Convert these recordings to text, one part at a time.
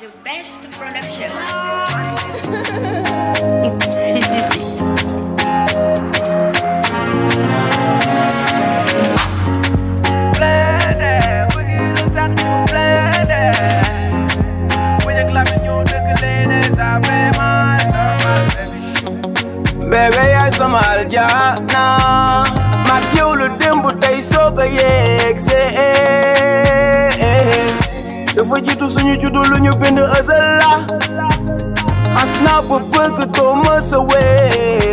The best production. bébé yaay sama aljana mag yow la démb tey soog a yeeg see dafa jiitu suñu juddu lu ñu bind ësël la xas naa ba bëgg too wee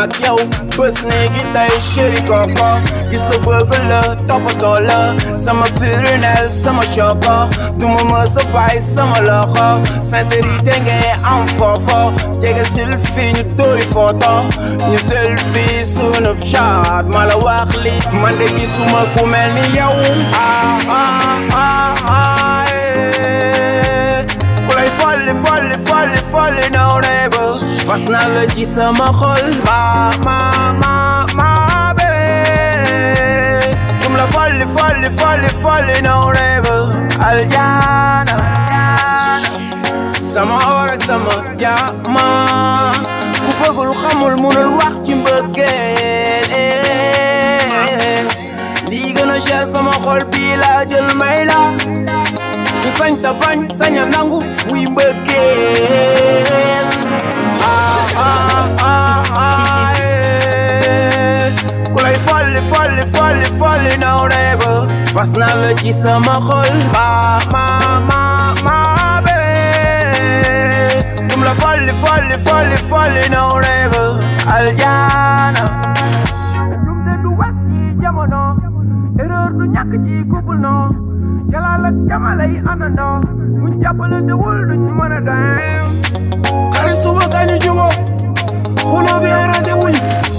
à Kiao Bus nigga shitty coco It's the burglar, top of dollar Some are Pyrenel, some are Choco Do my ça paille, some are loco Sincérité gagne en fofo Jega selfie, ñu tori photo Ñu selfie sur notre chat Mala wax li, man de gisuma ku mel ni yow Ah ah ah xas na la ma ma ma ma bébé tum la folli folli folli folli no rêve aljana sama or ak sama jaama ku xamul munul wax ci mbëggeel eh. lii gën a cher sama xol bii laa jël may ta bañ sañ a nangu muy mbëggeel fas la ci ma xol ma ma ma ma bébé dum la ma, ma, ma, ma, ma, rêve aljana ma, de du wes ma, jamono erreur ma, ma, ci couple no ma, ak ma, ma, ma, ma, ma, wul ma, ma, ma, ma, ma, ma, ma, ma, ma, ma, ma, ma,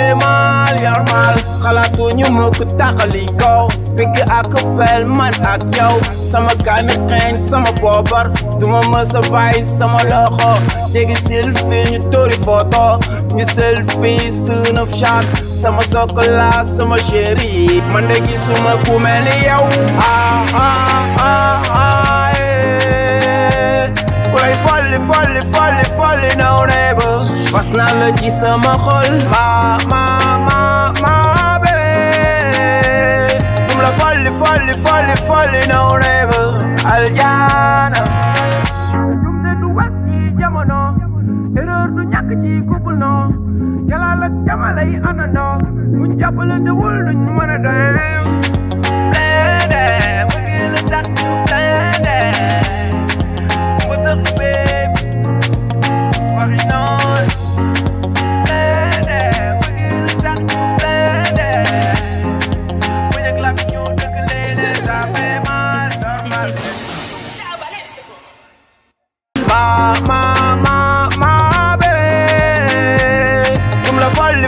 xalaatuñu mukk taxali kaw pikk ak pel man ak yow sama kaani xeeñ sama poobar duma mës a bàyyi sama loxo jegi selfie ñu tóori photo ñu selfie sunuf chat sama sokola sama chéri man de gisuma ku mel ni yow ah ah ah ah eh. kuy folli folli folli folli naw neeba fas naa la ci sama xol ma ma falling, falling, falling on ever Aljana Rumde jamalay anando Buñ jappalante wul duñ mëna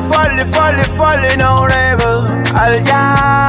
Falling, falling, falling, falling on rebel. I'll die.